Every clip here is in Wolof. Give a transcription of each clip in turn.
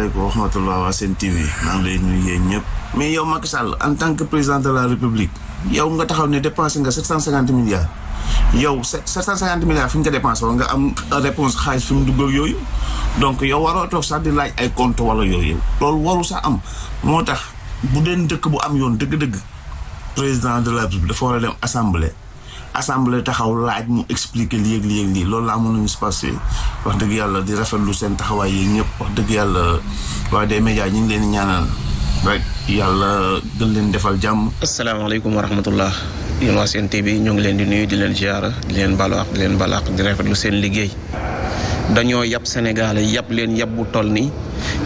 asalaamaaleykum wa rahmatulah waa Sen TV maa ngi lay nuyu ñëpp. mais yow Macky Sall en tant que président de la république yow nga taxaw ne dépensé nga 750 milliards yow 750 milliards fi nga ko dépensé woon nga am réponse xaalis fi mu dugg yooyu donc yow waroo sax laaj ay compte wala yooyu loolu waru sax am moo tax bu deen dëkk bu am yoon dëgg-dëgg président de la république dafa war a dem assemblée. assemblée taxaw laaj mu expliquer li ak lii loolu laa mënuñu se passé wax dëgg yàlla di rafetlu seen taxawaay yi ñëpp wax dëgg yàlla waaye de médias ñu ngi leen ñaanal rek yàlla gën leen defal jàmm. asalaamaaleykum wa rahmatullah yéen waa Sen TV ñoo ngi leen di nuyu di leen ziara leen balu ak leen balu ak di seen liggéey dañoo yab senegal yab leen yab bu toll nii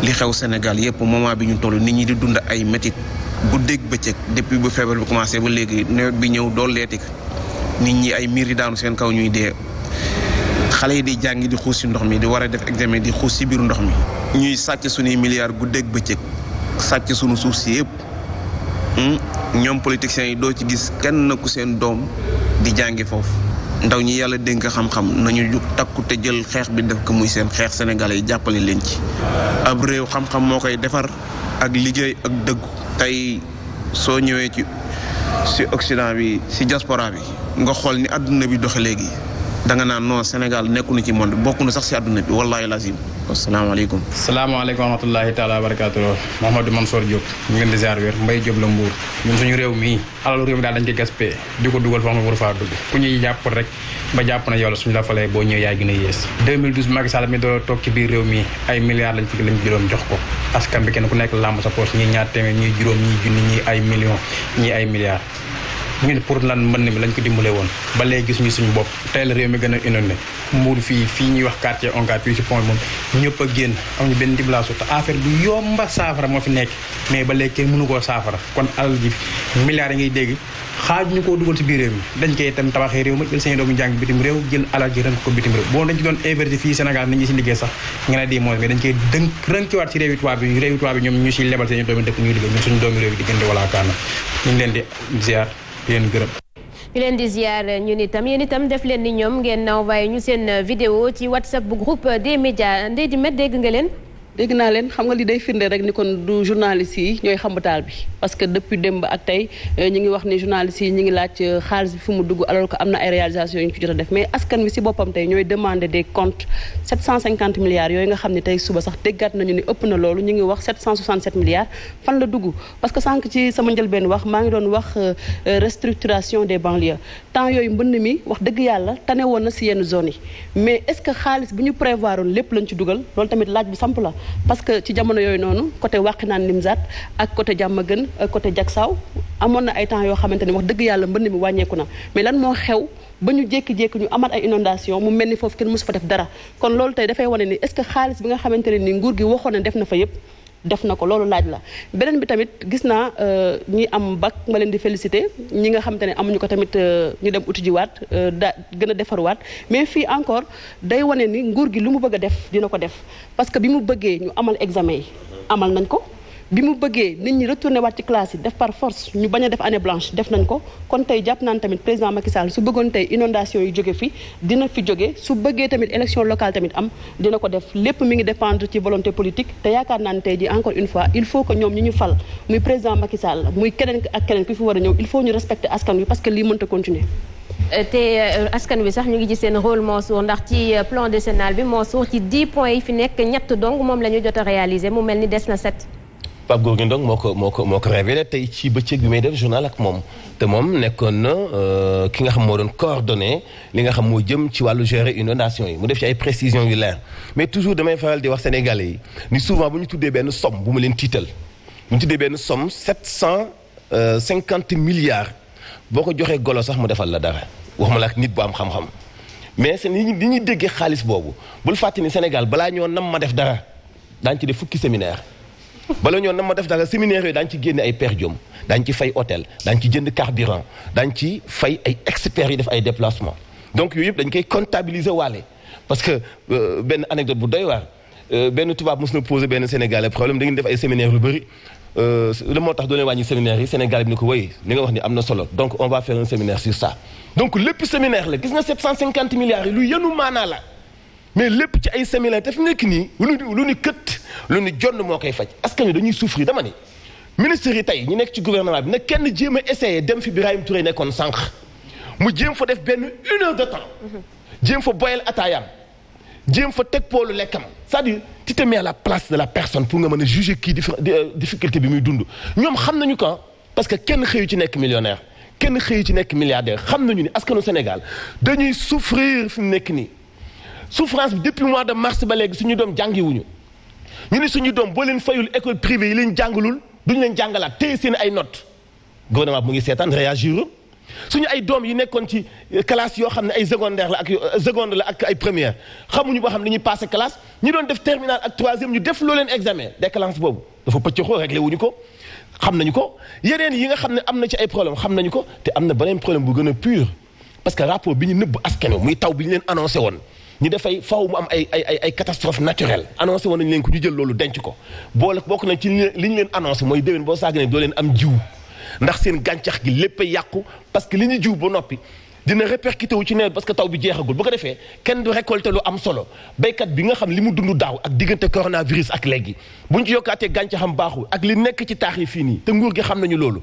li xew senegal yëpp moment bi ñu toll nit ñi di dund ay métit bu dégg bëccëg depuis bu feebar bi commencé ba léegi nawet bi ñëw dool leetik nit ñi ay miir yi daanu seen kaw ñuy dee xale yi di jàngi di xuus ci ndox mi di war a def examen di xuus ci biir ndox mi ñuy sàcc suñuy milliards guddeeg bëccëg sàcc suñu suuf si yëpp hmm? ñoom politiciens yi doo ci gis kenn ku seen doom di jàngi foofu ndaw ñi yàlla dénk xam-xam nañu jug takku te jël xeex bi def ko muy seen xeex sénégalais jàppale leen ci ab réew xam-xam moo koy defar ak liggéey ak dëggu tey soo ñëwee ci si Occident bi si diaspora bi nga xool ni àdduna bi doxe léegi danga nga naan Sénégal nekku na ci monde bokku na sax si àdduna bi wallahi lazim asalaamaaleykum. salaamaaleykum wa rahmatulahi taala wa barakaatu. Mouhamadou Mansour Diop ñu ngi leen di ziar wér Mbaye Diop la Mbour ñun suñu réew mii alalu réew mi daal dañ koy gaspé di ko dugal foo xam ne waru jàpp rek jàpp na yàlla suñu la falee boo ñëwee yaa gën a yées. 2012 Macky Sall mi doon toog ci biir réew mi ay milliards lañ fi lañ juróom bi kenn ku nekk làmb sa poche ñii ñaar téeméer ñii juróom ñii junni ñii ay millions ñii ay milliards. ñun pour lan mën mi lañ ko dimbale woon ba léegi gis ñu suñu bopp tey la réew mi gën a inondé mbuur fi fii ñuy wax quartier oncat fii ci point moom ñëpp a génn amuñu benn dimbalaasu te affaire bu yomba saafara moo fi nekk mais ba léegi kenn mënu koo saafara kon alal ji milliards yi ngay dégg xaaju ñu koo dugal ci biir réew mi dañ koy itam tabaxee réew ma jël seen doomu jàng bitim réew jël alal ji rënk ko bitim réew boo dañ ci doon inverti fii Sénégal nañu koy dënk rënkiwaat si réewi tubaab bi réewi bi ñoom ñu siy lebal seen doomi dëkk ñuy liggéey ñun suñu doomi réew yi diggante walaa kaana ñu leen di ziar leen gërëm ñu leen di ziar ñu nitam tam yéen itam def leen ni ñoom ngeen envoyé ñu seen euh, vidéo ci whatsapp bu groupe euh, des médias ndey di met dégg nga leen dégg naa leen xam nga lii day firnde rek ni kon du journaliste yi ñooy xambataal bi parce que depuis démb ak tey euh, ñu ngi wax ni journaliste yi ñu ngi laaj euh, xaalis bi fu mu dugg alors que am na ay réalisations yu ñu ci jot a def mais askan wi si boppam tey ñooy demander des comptes 750 milliards yooy nga xam ni tey suba sax déggaat nañu ni ëpp na loolu ñu ngi wax 767 milliards fan la dugg parce que sànq ci sama njëlbeen wax maa ngi doon wax euh, restructuration des banlieues temps yooyu mbënn mi wax dëgg yàlla tane woon na si yenn zones yi mais est-ce xaalis bu ñu prévoiroon lépp lañ ci dugal loolu tamit laaj bu samp la parce que ci jamono yooyu noonu côté Wàqinaan Nimzaat ak côté Diamaguène euh, côté Diacksao amoon na ay temps yoo xamante ne wax dëgg yàlla mbënn mi wàññeeku na mais lan moo xew ba ñu jékki-jékki ñu amat ay inondation mu mel ni foofu kenn mosu fa def dara kon loolu tey dafay wane ni est-ce que xaalis bi nga xamante ne ni nguur gi waxoon na def na fa yëpp def na ko loolu laaj la beneen bi tamit gis naa euh, ñi am bac ma leen di félicité ñi nga xam te ne amuñu ko tamit euh, ñu dem uti jiwaat euh, da gën a defarwaat mais fii encore day wane ni nguur gi lu mu bëgg a def dina ko def parce que bi mu bëggee ñu amal examen yi amal nañ ko bi mu bëggee nit ñi retourné waat ci classe yi def par force ñu bañ a def année blanche def nañ ko kon tey jàpp naan tamit président Macky su bëggoon tey inondation yu jóge fi dina fi jóge su bëggee tamit élection locale tamit am dina ko def lépp mu ngi dépendre ci volonté politique te yaakaar naa ne tey ji encore une fois il faut que ñoom ñi ñu fal muy président Macky muy keneen ak keneen ku fi war a ñëw il faut ñu respecter askan wi parce que lii mënta continuer euh, wi sax ñu ngi ci seen rôle moo suur ndax ci euh, plan décennal bi moo suur yi fi nekk ñett dong moom la ñu jot a mu mel ni des na set Pape Gorgui Ndong moo ko moo ko moo ko révélé tey ci bëccëg bi may def journal ak moom te moom nekkoon na euh, ki nga xam moo doon coordonné li nga xam moo jëm ci wàllu gérer inondation yi mu def ci ay précisions yu leer mais toujours damay faral di wax sénégalais yi ni souvent bu ñu tuddee benn somme bu ma leen tiital bu ñu tuddee benn somme sept cent euh, cinquante milliards boo ko joxee golo sax mu defal la dara wax ma la ak nit bu am xam-xam mais seen li ñuy déggee xaalis boobu bul fàtte ni Sénégal balaa ñoo nam ma def dara daañu ci def fukki séminaire bala ñoon na ma def dara séminaire yooyu daañu ci génne ay per diem daañu ci fay hôtel daañu ci jënd carburant daañu ci fay ay experts yi def ay déplacement donc yooyu yëpp dañ koy comptabiliser waale parce que euh, benn anecdote bu doy waar euh, benn tubaab mos na posé benn sénégalais problème da ngeen def ay séminaire lu bëri euh, la moo tax doo leen wàññi séminaire yi sénégalais ni ko wéy li nga wax ni am na solo donc on va faire un séminaire sur ça donc lépp séminaire la mais lépp ci ay semis lañ fi nekk nii lu nu lu nu kët lu nu jonn moo koy faj askan wi dañuy souffrir dama ni ministres yi tey ñu nekk ci gouvernement bi nag kenn jéem a essayé dem fi Birahim Touré nekkoon sànq mu jéem fa def benn une de temps mhm. jéem fa boyal ataayaam jéem fa teg poolu lekkam c'est-à-dire tu te la place de la personne pour nga mën a juger kii euh, difficulté bi muy dund ñoom xam nañu ko parce que kenn xëyu ci nekk millionnaire kenn xëyu ci nekk milliardaire xam nañu ni askanu Sénégal dañuy souffrir fi mu nekk nii souffrance bi depuis mois de mars ba léegi suñu doom jàngiwuñu ñu ni suñu doom boo leen fayul école privée yi leen jàngalul duñ leen jàngalaat téye seen ay not gouvernement bi mu ngi seetaan réagir suñu ay doom yi nekkoon ci euh, classe yoo xam ne ay secondaire la ak euh, seconde ak ay première xamuñu boo xam ne dañuy passé classe ñu doon def terminale ak troisième ñu def loo leen examen déclenche boobu dafa pëccëxoo réglé wuñu ko xam nañu ko yeneen yi nga xam ne am na ci ay problème xam nañu ko te am na beneen problème bu a pur parce que rapport bi ñu nëbb askan wi muy taw bi ñu leen woon ñi dafay faw mu am ay ay ay ay catastrophe naturelle annoncé woon nañ leen ko ñu jël loolu denc ko boole bokk nañ ci li ñu leen annoncé mooy déwén boo saag ne doo leen am jiw ndax seen gàncax gi lépp a yàqu parce que li ñu jiw ba noppi dina répercuté wu ci nawet parce que taw bi jeexagul bu ko defee kenn du récolter lu am solo béykat bi nga xam li mu dund daaw ak diggante coronavirus ak léegi bu ñu ci yokkaatee gàncaxam baaxul ak li nekk ci taax yi fii nii te gi xam nañu loolu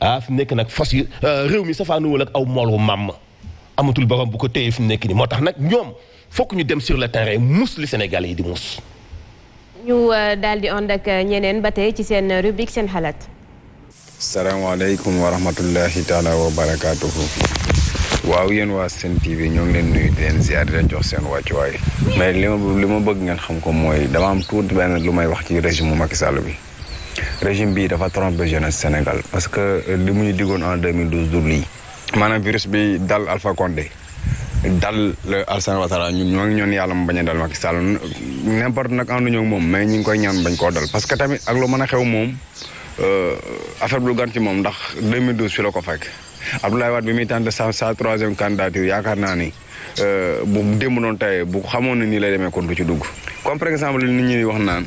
ah fi nekk nag fos yi euh, réew mi safaanuwul ak aw mool wu amatul borom bu ko téye fi mu nekk nii moo tax nag ñoom fokk ñu dem sur le terrain mus li Sénégalais yi di mus. ñu euh, daal di ànd ak euh, ñeneen ba tey ci seen rubrique seen xalaat. salaamaaleykum wa rahmatullahi taala wa barakaatuhu. waaw yéen waa Sen TV ñoo ngi leen nuyu di leen ziar jox seen wàccuwaay mais li ma li ma bëgg ngeen xam ko mooy dama am tuuti benn lu may wax ci régime mu Macky Sall bi. régime bi dafa trompé jeunesse Sénégal parce que euh, li mu ñu diggoon en 2012 du lii. maanaam virus bi dal Alpha Condé. dal Alassane Ouattara ñun ñoo ngi ñoon yàlla mu bañ a dal Macky Sall n'importe nag ànduñu ak moom mais ñu ngi koy ñaan bañ koo dal parce que tamit ak lu mën a xew moom euh, affaire bu gan ci moom ndax 2012 fi la ko fekk Abdoulaye Wade bi muy tànn sa sa troisième candidature yaakaar naa ni euh, bu démb noonu tey bu xamoon ne nii lay demee kon du ci dugg comme par exemple nit ñi wax naan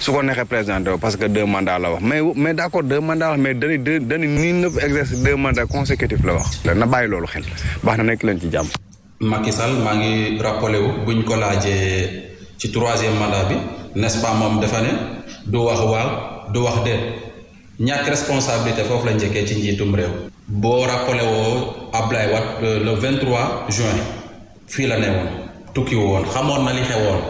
su ko neexee présenté parce que deux mandats la wax mais mais d' accord deux mandats la mais dañuy dañuy nii nëpp la wax. na bàyyi loolu xel baax na nekk leen ci jàmm. Macky Sall maa ngi rappelé wu buñ ko laajee ci troisième mandat bi nest pas moom dafa ne du wax waaw du wax déet ñàkk responsabilité foofu la njëkkee ci njiitum réew. boo rappelé woo Ablaye Wade euh, le 23 juin fii la ne woon tukki woon xamoon na li xewoon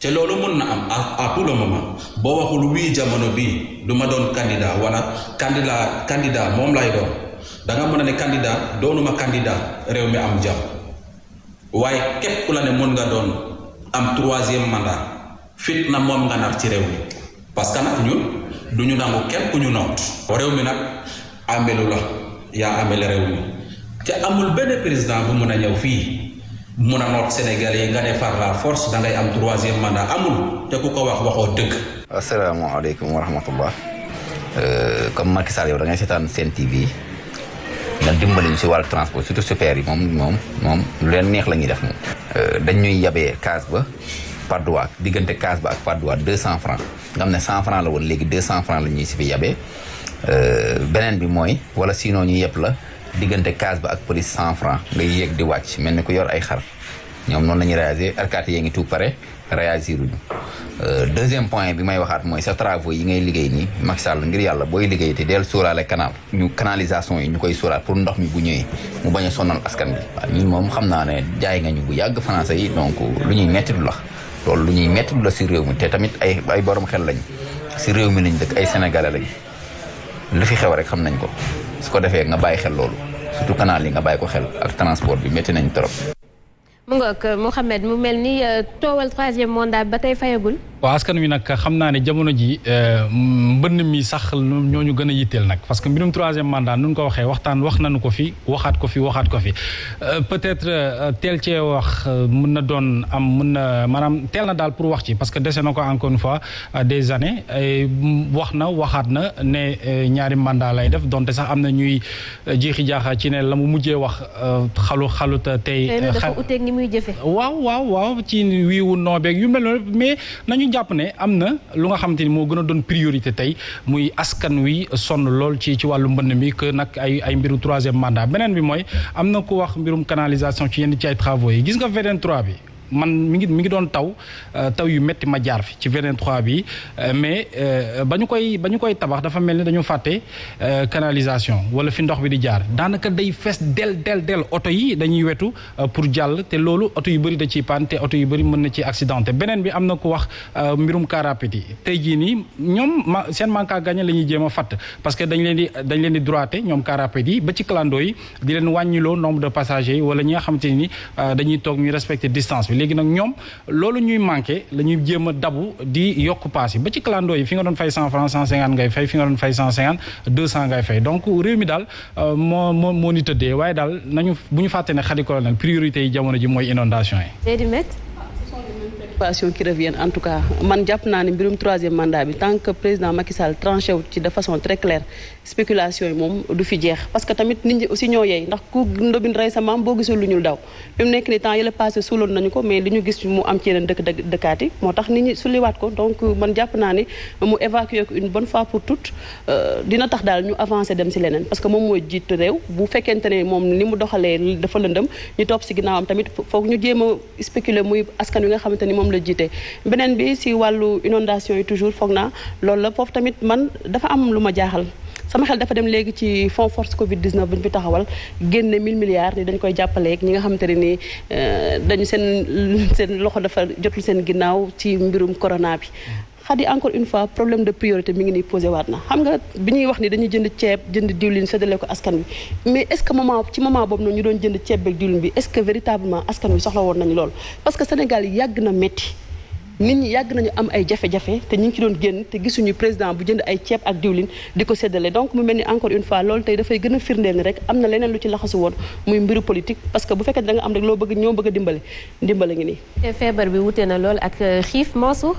te loolu mun na am à tout le moment boo waxul wii jamono bii du ma doon candidat wala candidat candidat moom lay doon da mën a ne candidat doonuma candidat réew mi am jàmm. waaye képp ku la ne mën nga doon am troisième mandat fit na moom nga nar ci réew mi parce que nag ñun du ñu nangu kenn ku ñu noot réew mi nag amelu la yaa amel réew mi te amul benn président bu mun a ñëw fii mun a noot Sénégal yi nga ne par la force dangay am troisième mandat amul te ku ko wax waxoo dëgg. asalaamaaleykum wa rahmatullah euh, ma Macky Sall yow da ngay seetaan seen TV. nga dimbali ñu si wàllu transport surtout super yi moom moom moom lu leen neex la ñuy def moom. Euh, dañ ñuy yabee kaas ba par droit diggante kaas ba ak par droit deux cent franc nga xam ne cent franc la woon léegi deux cent franc la ñuy si fi yabee euh, beneen bi mooy wala sinon ñu yëpp la diggante kaas ba ak police cent franc nga yéeg di wàcc mel ni ku yor ay xar. ñoom noonu la ñuy réagir alkaati yee ngi tout pare réagir uñu euh, deuxième point bi may waxaat mooy sa travaux yi ngay liggéey nii Macky Sall ngir yàlla liggéey te deel sóoraale canal ñu canalisation yi ñu koy sóoraal pour ndox mi bu ñëwee mu bañ a sonal askan moom xam naa ne jaay nga ñu bu yàgg français yi donc lu ñuy metti la loolu lu ñuy metti la si réew mi te tamit ay ay borom xel lañ si réew mi lañ dëkk ay sénégalais lañ lu fi xew rek xam nañ ko su ko defee nga bàyyi xel loolu surtout canal yi nga bàyyi ko xel ak transport bi métti nañ trop mu ngoog Mouhamed mu mel ni euh, toowal troisième mandat ba tey fayagul. waaw askan wi nag xam naa ne jamono ji euh, mbënn mi sax ñoo ñu gën a yitteel nag parce que mbirum troisième mandat nu ko waxee waxtaan wax nañu ko fi waxaat ko fi waxaat ko fi euh, peut-être euh, teel cee wax mun na doon am mën na maanaam teel na daal pour wax ci parce que dese na ko encore une fois des années wax na waxaat na ne ñaari mandat lay def donte sax am na ñuy jiixi jaaxa ci ne la mu mujjee wax xalu xalut tey. xal waaw waaw ci wiiwu noobeeg yu mel mais nañu dañuy jàpp ne am na lu nga xamante ni moo gën a doon priorité tey muy askan wi sonn lool ci ci wàllu mbënn mi que nag ay ay mbiru troisième mandat beneen bi mooy am na ku wax mbirum canalisation ci yenn ci ay travaux yi gis nga VDN 3 bi. man mi ngi mi ngi doon taw euh, taw yu métti ma jaar fi ci 23 bi euh, mais euh, ba ñu koy ba koy tabax dafa mel ni dañu fàtte canalisation wala fi ndox bi di jaar daanaka day fees del del del oto yi dañuy wetu pour jàll te loolu oto yu bëri da ciy paan te oto yu bari mën na ci accidenté beneen bi am na ku wax mbirum car yi tey jii nii ñoom ma seen manque à gagner la ñuy jéem a fàtt parce que dañ leen di dañ leen di droité ñoom car yi ba ci clando yi di leen wàññiloo nombre de passagers wala ñi nga xamante ni dañuy toog ñu respecter distance bi léegi nag ñoom loolu ñuy manqué la ñuy jéem a dabu di yokk paas yi ba ci clando yi fi nga doon fay cent franc cent cinquante ngay fay fi nga doon fay cent cinquante deux cent ngay fay donc réew mi daal euh, moo moo moo ni tëddee waaye daal nañu bu ñu fàtte ne xadi colonel priorité yi jamono ji mooy inondation yi préoccupations en tout cas man jàpp naa ne mbirum troisième mandat bi tant que président Macky Sall wu ci de façon très claire spéculation yi moom du fi jeex parce que tamit nit ñoo yey ndax ku ndobin rey sa maam boo gisul lu ñul daw mu nekk ni temps yële passé suuloon nañu ko mais li ñu gis mu am ci yeneen dëkk moo tax nit ñi sulliwaat ko donc man jàpp naa ne mu évacuer ko une bonne fois pour toutes euh, dina tax daal ñu avancer dem si leneen a moom la jiite beneen bi si wàllu inondation yi toujours foog naa loolu la foofu tamit man dafa am lu ma jaaxal sama xel dafa dem léegi ci fonds force Covid 19 bu ñu fi taxawal génne mill milliards ni dañ koy jàppaleek ak ñi nga xamante ne ni euh, dañu seen seen loxo dafa jotul seen ginnaaw ci mbirum corona bi xadi encore une fois problème de priorité mi ngi ni posé waat na xam nga bi ñuy wax ni dañuy jënd ceeb jënd diwlin séddale ko askan wi mais est ce que moment ci moment boobu noonu ñu doon jënd ceeb beeg diwlin bi est véritablement askan wi soxla woon nañu lool parce que Sénégal yàgg na métti nit ñi yàgg nañu am ay jafe-jafe te ñu ngi ci doon génn te gisuñu président bu jënd ay ceeb ak diwlin di ko séddale donc mu mel ni encore une fois loolu tey dafay gën a firndeel ni rek am na leneen lu ci laxasu woon muy mbiru politique parce que bu fekkee da am rek loo bëgg ñoo bëgg a dimbale dimbale ngi feebar bi wute na lool ak euh, xiif Mansour.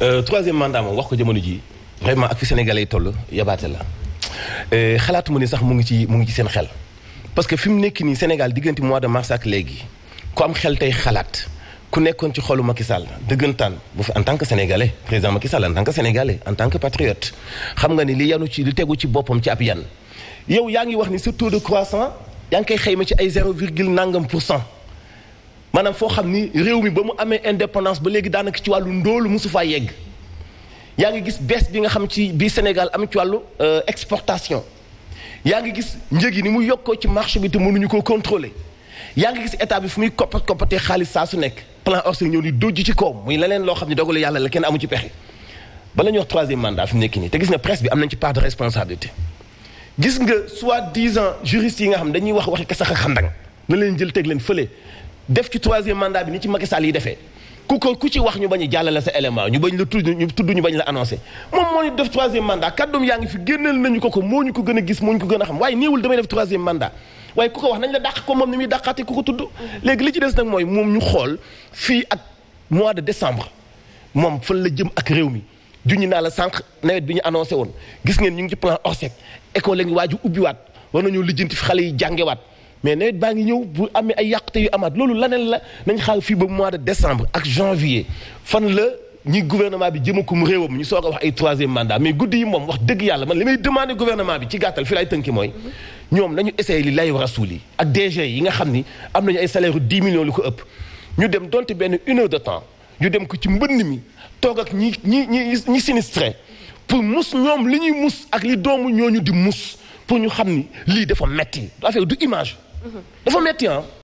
Euh, troisième mandat moom wax ko jamono ji vraiment ak fi Sénégalais toll yabaate la mu ni sax mu ngi ci mu ngi ci seen xel parce que fi mu nekk nii Sénégal diggante mois de mars léegi ku am xel tey xalaat ku nekkoon ci xolu Macky Sall dëggantaan bu fi en tant que sénégalais président Macky Sall en tant que sénégalais en tant que patriote xam nga ni li yanu ci li tegu ci boppam ci ab yan. yow yaa ngi wax ni surtout taux de croissance yaa ngi koy ci ay zéro virgule nangam pour cent maanaam foo xam ni réew mi ba mu amee indépendance ba léegi daanaka ci wàllu ndóolu mosu faa yegg yaa ngi gis baisse bi nga xam ci biir Sénégal am ci wàllu euh, exportation yaa ngi gis njëg yi ni mu yokkoo ci marché bi te mënuñu koo contrôler. yaa ngi gis état bi fu muy koppat koppatee xaalis saa su nekk plan Orsec ñëw di dojj ci koom muy leneen loo xam ne dogalu yàlla la kenn amu ci pexe bala ñuy te gis nga presse bi am nañ ci part de responsabilité gis nga soi-disant juristes yi nga xam dañuy wax waxi kasaxa xandang na leen jël teg leen fële def ci troisième mandat bi ni ci Macky Sall yi defee ku ko ku ci wax ñu bañ a jàllale sa élément ñu bañ la tudd ñu tudd ñu bañ la annoncé moom moo ñu def troisième mandat kàddoom yaa ngi fi génneel nañu ko ko moo ko gën a gis moo ñu ko a xam waaye néewul damay def waaye ku ko wax nañ la dàq ko moom ni muy dàqaate ku ko tudd léegi li ci des nag mooy moom ñu xool fii ak mois de décembre moom fan la jëm ak réew mi junñi naa la sànq nawet bi ñu annoncé woon gis ngeen ñu ngi ci plan ORSEC école la ngi waaju ubbiwaat war na ñu lijjanti fi xale yi jàngewaat mais nawet baa ngi ñëw bu amee ay yàqute yu amaat loolu laneen la nañ xaar fii ba mois de décembre ak janvier fan la ñi gouvernement bi jëmakum réewam ñu soog a wax ay troisième mandat mais guddi yi wax dëgg yàlla man li may demandé gouvernement bi ci gàttal fi lay tënki mooy ñoom nañu essayé li lay war a suuli ak DG yi nga xam ni am nañu ay salaire yu 10 millions lu ko ëpp ñu dem donte benn une heure de temps ñu dem ko ci mbënn mi toog ak ñi ñi ñi ñi sinistré pour mus ñoom li ñuy mus ak li doomu ñu di mus pour ñu xam ni lii dafa metti affaire du image mhm. dafa metti ah